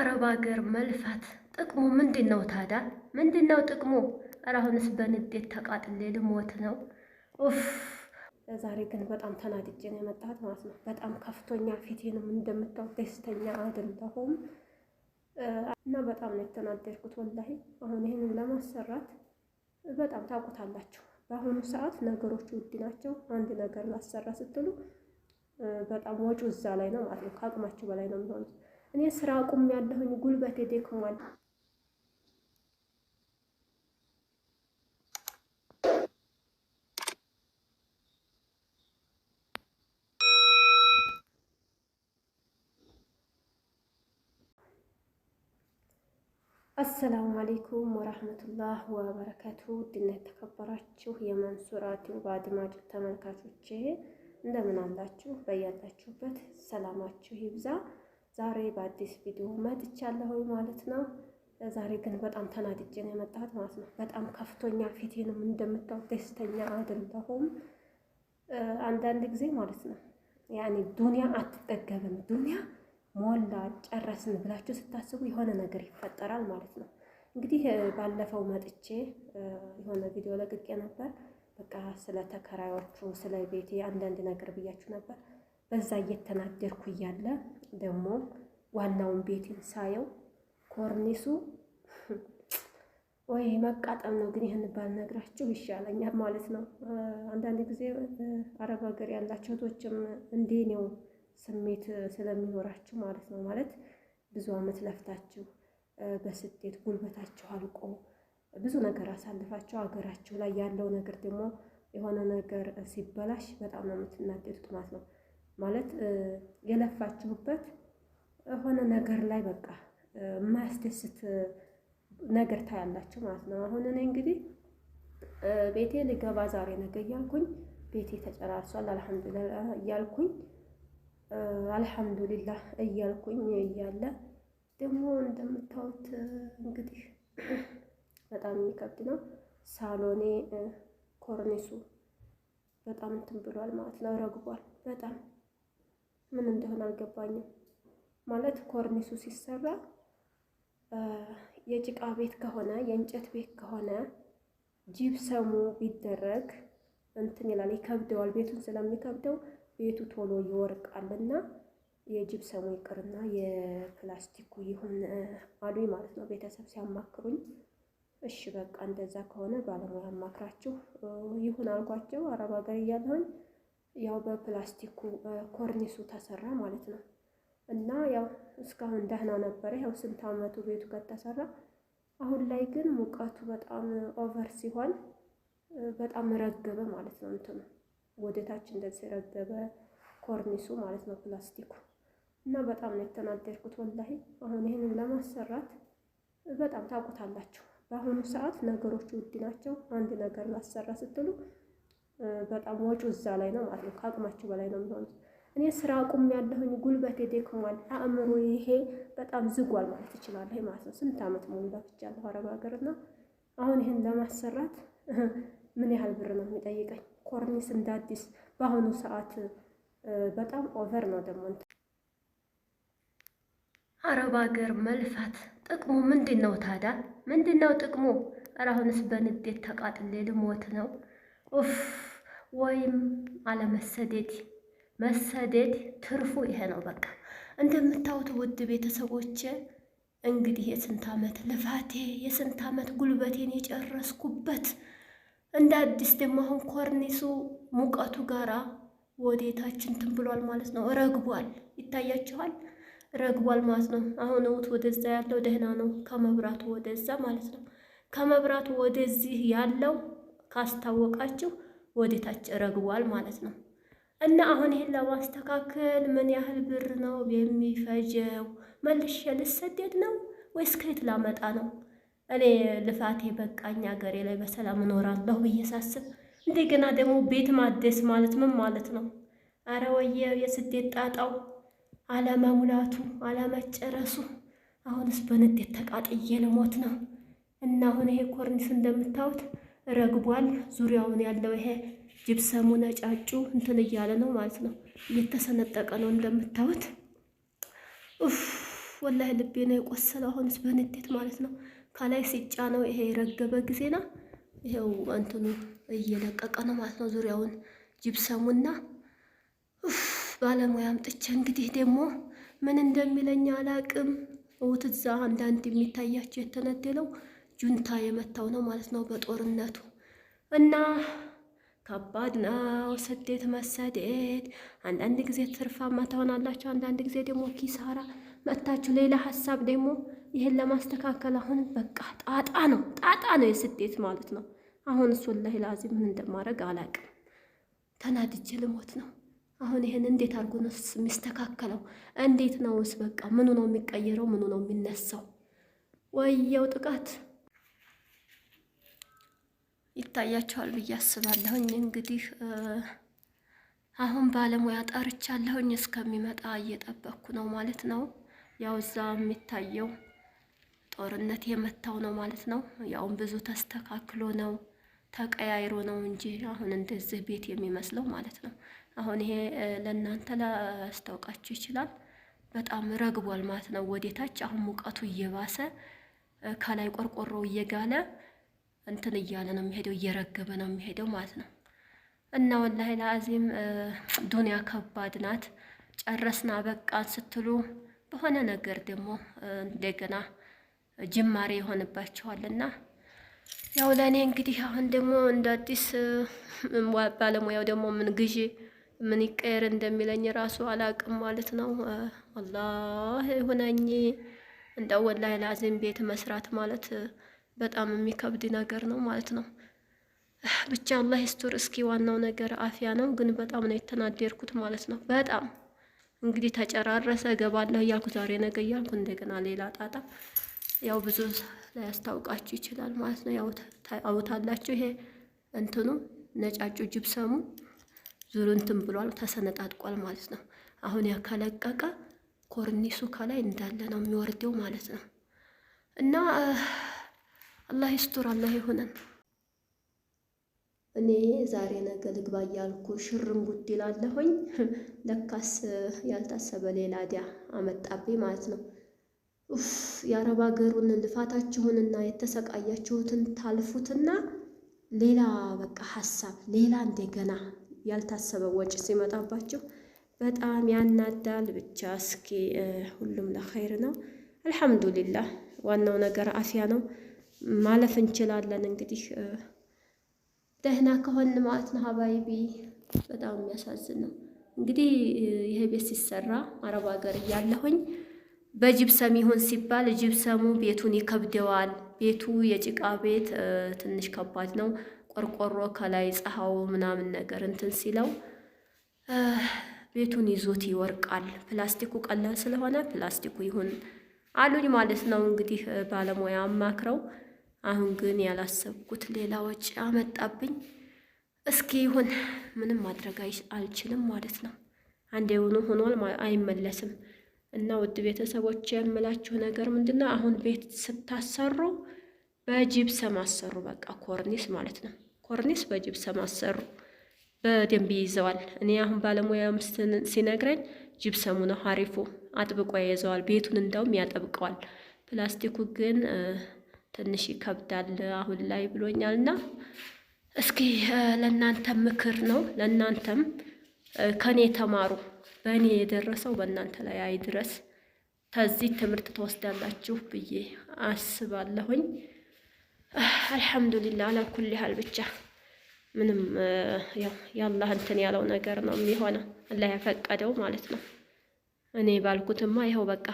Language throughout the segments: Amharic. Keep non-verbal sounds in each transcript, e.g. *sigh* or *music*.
አረብ ሀገር መልፋት ጥቅሙ ምንድን ነው ታዲያ? ምንድን ነው ጥቅሙ? ኧረ አሁንስ በንዴት ተቃጥሌ ልሞት ነው። ኡፍ ዛሬ ግን በጣም ተናድጄ ነው የመጣሁት ማለት ነው። በጣም ከፍቶኛ፣ ፊቴንም እንደምታው ደስተኛ አይደለሁም እና በጣም ነው የተናደድኩት ወላሂ። አሁን ይህንን ለማሰራት በጣም ታውቁታላችሁ። በአሁኑ ሰዓት ነገሮች ውድ ናቸው። አንድ ነገር ላሰራ ስትሉ በጣም ወጪው እዛ ላይ ነው ማለት ነው። ከአቅማችሁ በላይ ነው የሚሆኑት እኔ ስራ አቁም ያለሁኝ ጉልበቴ ደክሟል። አሰላሙ አሌይኩም ወረህመቱላህ ወበረከቱ ድና የተከበራችሁ የመንሱራ በአድማጭ ተመልካቾች እንደምን አላችሁ? በያላችሁበት ሰላማችሁ ይብዛ። ዛሬ በአዲስ ቪዲዮ መጥቻለሁ ማለት ነው። ዛሬ ግን በጣም ተናድጄ ነው የመጣሁት ማለት ነው። በጣም ከፍቶኛ ፊቴንም እንደምታው ደስተኛ አይደለሁም። አንዳንድ ጊዜ ማለት ነው ያኔ ዱንያ አትጠገብም፣ ዱንያ ሞላ ጨረስን ብላችሁ ስታስቡ የሆነ ነገር ይፈጠራል ማለት ነው። እንግዲህ ባለፈው መጥቼ የሆነ ቪዲዮ ለቅቄ ነበር። በቃ ስለ ተከራዮቹ ስለ ቤቴ አንዳንድ ነገር ብያችሁ ነበር። በዛ እየተናደርኩ እያለ ደግሞ ዋናውን ቤትን ሳየው ኮርኒሱ ወይ መቃጠም ነው። ግን ይህን ባልነግራችሁ ይሻለኛል ማለት ነው። አንዳንድ ጊዜ አረብ ሀገር ያላቸው እህቶችም እንዴ ነው ስሜት ስለሚኖራችሁ ማለት ነው። ማለት ብዙ አመት ለፍታችሁ በስደት ጉልበታችሁ አልቆ ብዙ ነገር አሳልፋችሁ ሀገራችሁ ላይ ያለው ነገር ደግሞ የሆነ ነገር ሲበላሽ በጣም ነው የምትናደዱት ማለት ነው። ማለት የለፋችሁበት የሆነ ነገር ላይ በቃ የማያስደስት ነገር ታያላችሁ ማለት ነው። አሁን እኔ እንግዲህ ቤቴ ልገባ ዛሬ ነገ እያልኩኝ ቤቴ ተጨራርሷል አልሐምዱሊላህ እያልኩኝ አልሐምዱሊላህ እያልኩኝ እያለ ደግሞ እንደምታዩት እንግዲህ በጣም የሚከብድ ነው። ሳሎኔ ኮርኒሱ በጣም እንትን ብሏል ማለት ነው፣ ረግቧል በጣም ምን እንደሆነ አልገባኝም። ማለት ኮርኒሱ ሲሰራ የጭቃ ቤት ከሆነ የእንጨት ቤት ከሆነ ጂፕሰሙ ቢደረግ እንትን ይላል፣ ይከብደዋል። ቤቱን ስለሚከብደው ቤቱ ቶሎ ይወርቃልና የጂፕሰሙ ይቅርና የፕላስቲኩ ይሁን አሉኝ ማለት ነው ቤተሰብ ሲያማክሩኝ። እሺ በቃ እንደዛ ከሆነ ባለሙያ አማክራችሁ ይሁን አልኳቸው። አረብ ሀገር እያለሁኝ ያው በፕላስቲኩ ኮርኒሱ ተሰራ ማለት ነው። እና ያው እስካሁን ደህና ነበረ። ያው ስንት አመቱ ቤቱ ከተሰራ። አሁን ላይ ግን ሙቀቱ በጣም ኦቨር ሲሆን በጣም ረገበ ማለት ነው። እንትኑ ወደታች እንደዚህ ረገበ ኮርኒሱ ማለት ነው ፕላስቲኩ። እና በጣም ነው የተናደድኩት ወላሂ። አሁን ይህንን ለማሰራት በጣም ታውቁታላችሁ። በአሁኑ ሰዓት ነገሮች ውድ ናቸው። አንድ ነገር ላሰራ ስትሉ በጣም ወጪ እዛ ላይ ነው ማለት ነው። ከአቅማቸው በላይ ነው የሚሆኑት። እኔ ስራ አቁም ያለሁኝ ጉልበቴ ደክሟል፣ አእምሮ ይሄ በጣም ዝጓል ማለት ይችላለሁ ማለት ነው። ስንት ዓመት ሙሉ ለፍቻለሁ አረብ ሀገርና አሁን ይህን ለማሰራት *laughs* ምን ያህል ብር ነው የሚጠይቀኝ? ኮርኒስ እንደ አዲስ በአሁኑ ሰዓት በጣም ኦቨር ነው ደግሞ። አረብ ሀገር መልፋት ጥቅሙ ምንድን ነው ታዳ? ምንድን ነው ጥቅሙ? ኧረ አሁንስ በንዴት ተቃጥሌ ልሞት ነው ኡፍ ወይም አለመሰደድ። መሰደድ ትርፉ ይሄ ነው። በቃ እንደምታዩት ውድ ቤተሰቦች እንግዲህ የስንት ዓመት ልፋቴ የስንት ዓመት ጉልበቴን የጨረስኩበት እንደ አዲስ ደግሞ አሁን ኮርኒሱ ሙቀቱ ጋራ ወዴታችን ትን ብሏል ማለት ነው። ረግቧል፣ ይታያችኋል፣ ረግቧል ማለት ነው። አሁን እውት ወደዛ ያለው ደህና ነው፣ ከመብራቱ ወደዛ ማለት ነው። ከመብራቱ ወደዚህ ያለው ካስታወቃችሁ ወደታች ረግቧል ማለት ነው። እና አሁን ይሄን ለማስተካከል ምን ያህል ብር ነው የሚፈጀው? መልሼ ልሰደድ ነው ወይስ ከየት ላመጣ ነው? እኔ ልፋቴ በቃኝ፣ ሀገሬ ላይ በሰላም እኖራለሁ ብዬ ሳስብ እንደገና ደግሞ ቤት ማደስ ማለት ምን ማለት ነው? አረ ወየ የስደት ጣጣው፣ አለመሙላቱ፣ አለመጨረሱ። አሁንስ በንዴት ተቃጥዬ ልሞት ነው። እና አሁን ይሄ ኮርኒስ እንደምታዩት ረግቧል። ዙሪያውን ያለው ይሄ ጅብሰሙ ጫጩ እንትን እያለ ነው ማለት ነው፣ እየተሰነጠቀ ነው እንደምታዩት። ኡፍ ወላሂ ልቤ ነው የቆሰለው። አሁንስ በንዴት ማለት ነው ከላይ ሲጫ ነው ይሄ የረገበ ጊዜና ይሄው እንትኑ እየለቀቀ ነው ማለት ነው ዙሪያውን ጅብሰሙና። ኡፍ ባለሙያ አምጥቼ እንግዲህ ደግሞ ምን እንደሚለኝ አላቅም። ውት እዛ አንዳንድ የሚታያቸው የተነደለው ጁንታ የመታው ነው ማለት ነው በጦርነቱ እና ከባድ ነው ስደት መሰደድ። አንዳንድ ጊዜ ትርፋማ ትሆናላችሁ፣ አንዳንድ ጊዜ ደግሞ ኪሳራ መታችሁ። ሌላ ሀሳብ ደግሞ ይህን ለማስተካከል አሁን በቃ ጣጣ ነው ጣጣ ነው የስደት ማለት ነው። አሁን እሱን ላይ ላዚ ምን እንደማድረግ አላቅም። ተናድጄ ልሞት ነው። አሁን ይህን እንዴት አድርጎ ነው የሚስተካከለው? እንዴት ነውስ? በቃ ምኑ ነው የሚቀየረው? ምኑ ነው የሚነሳው? ወየው ጥቃት ይታያቸዋል ብዬ አስባለሁኝ። እንግዲህ አሁን ባለሙያ ጠርቻለሁኝ። እስከሚመጣ እየጠበቅኩ ነው ማለት ነው። ያው እዛ የሚታየው ጦርነት የመታው ነው ማለት ነው። ያውም ብዙ ተስተካክሎ ነው ተቀያይሮ ነው እንጂ አሁን እንደዚህ ቤት የሚመስለው ማለት ነው። አሁን ይሄ ለእናንተ ላስታውቃችሁ ይችላል። በጣም ረግቧል ማለት ነው ወደታች። አሁን ሙቀቱ እየባሰ ከላይ ቆርቆሮው እየጋለ እንትን እያለ ነው የሚሄደው፣ እየረገበ ነው የሚሄደው ማለት ነው። እና ወላሂ ለአዚም ዱንያ ከባድ ናት። ጨረስና በቃን ስትሉ በሆነ ነገር ደግሞ እንደገና ጅማሬ እና ያው ለእኔ እንግዲህ አሁን ደግሞ እንደ አዲስ ባለሙያው ደግሞ ምን ግዢ ምን ይቀየር እንደሚለኝ ራሱ አላቅም ማለት ነው። አላህ ሁነኝ እንደ ወላሂ ለአዚም ቤት መስራት ማለት በጣም የሚከብድ ነገር ነው ማለት ነው። ብቻ አላህ ይስቱር። እስኪ ዋናው ነገር አፊያ ነው። ግን በጣም ነው የተናደርኩት ማለት ነው። በጣም እንግዲህ ተጨራረሰ ገባለሁ እያልኩ ዛሬ ነገ እያልኩ እንደገና ሌላ ጣጣ ያው ብዙ ላያስታውቃችሁ ይችላል ማለት ነው። ያው አውታላችሁ ይሄ እንትኑ ነጫጩ ጅብሰሙ ዙሩ እንትን ብሏል ተሰነጣጥቋል ማለት ነው። አሁን ያ ከለቀቀ ኮርኒሱ ከላይ እንዳለ ነው የሚወርደው ማለት ነው እና አላህ ይስቱር፣ አላህ ይሆነን። እኔ ዛሬ ነገ ልግባ እያልኩ ሽርም ጉድ ይላለሁኝ። *laughs* ለካስ ያልታሰበ ሌላ ዲያ አመጣብኝ ማለት ነው። ኡፍ የአረብ ሀገሩን ልፋታችሁንና የተሰቃያችሁትን ታልፉትና ሌላ በቃ ሀሳብ ሌላ እንደገና ያልታሰበ ወጪ ሲመጣባችሁ በጣም ያናዳል። ብቻ እስኪ ሁሉም ለኸይር ነው። አልሐምዱሊላህ ዋናው ነገር አፊያ ነው። ማለፍ እንችላለን። እንግዲህ ደህና ከሆን ማለት ነው። ሀባይቢ በጣም የሚያሳዝን ነው። እንግዲህ ይሄ ቤት ሲሰራ አረብ ሀገር እያለሁኝ በጅብሰም ይሁን ሲባል ጅብሰሙ ቤቱን ይከብደዋል። ቤቱ የጭቃ ቤት ትንሽ ከባድ ነው። ቆርቆሮ ከላይ ፀሐው ምናምን ነገር እንትን ሲለው ቤቱን ይዞት ይወርቃል። ፕላስቲኩ ቀላል ስለሆነ ፕላስቲኩ ይሁን አሉኝ ማለት ነው። እንግዲህ ባለሙያ አማክረው አሁን ግን ያላሰብኩት ሌላ ወጪ አመጣብኝ። እስኪ ይሁን ምንም ማድረግ አልችልም ማለት ነው። አንድ የሆኑ ሆኗል አይመለስም። እና ውድ ቤተሰቦች የምላችሁ ነገር ምንድን ነው? አሁን ቤት ስታሰሩ በጂፕሰም አሰሩ። በቃ ኮርኒስ ማለት ነው። ኮርኒስ በጂፕሰም አሰሩ፣ በደንብ ይይዘዋል። እኔ አሁን ባለሙያ ሲነግረኝ ጂፕሰሙ ነው አሪፉ፣ አጥብቆ ይይዘዋል ቤቱን፣ እንደውም ያጠብቀዋል። ፕላስቲኩ ግን ትንሽ ይከብዳል አሁን ላይ ብሎኛል። እና እስኪ ለእናንተ ምክር ነው፣ ለእናንተም ከኔ ተማሩ። በእኔ የደረሰው በእናንተ ላይ አይድረስ። ከዚህ ትምህርት ትወስዳላችሁ ብዬ አስባለሁኝ። አልሐምዱሊላ አላኩል ያህል ብቻ ምንም ያላህ እንትን ያለው ነገር ነው የሚሆነው፣ አላህ ያፈቀደው ማለት ነው። እኔ ባልኩትማ ይኸው በቃ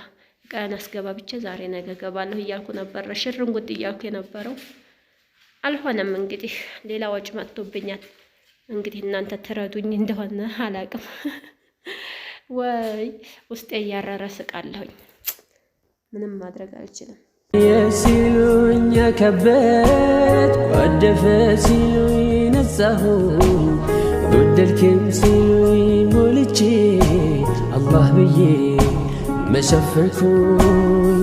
ቀን አስገባ ብቻ ዛሬ ነገ ገባለሁ እያልኩ ነበረ። ጉድ እያልኩ የነበረው አልሆነም። እንግዲህ ሌላ ወጪ መጥቶብኛል። እንግዲህ እናንተ ትረዱኝ እንደሆነ አላቅም። *laughs* ወይ ውስጤ እያረረ ስቃለሁኝ። ምንም ማድረግ አልችልም። የሲሉኝ ከበት ወደፈ ሲሉኝ ነጻሁ ወደልክም ሲሉኝ ሞልቼ አላህ ብዬ مسافركم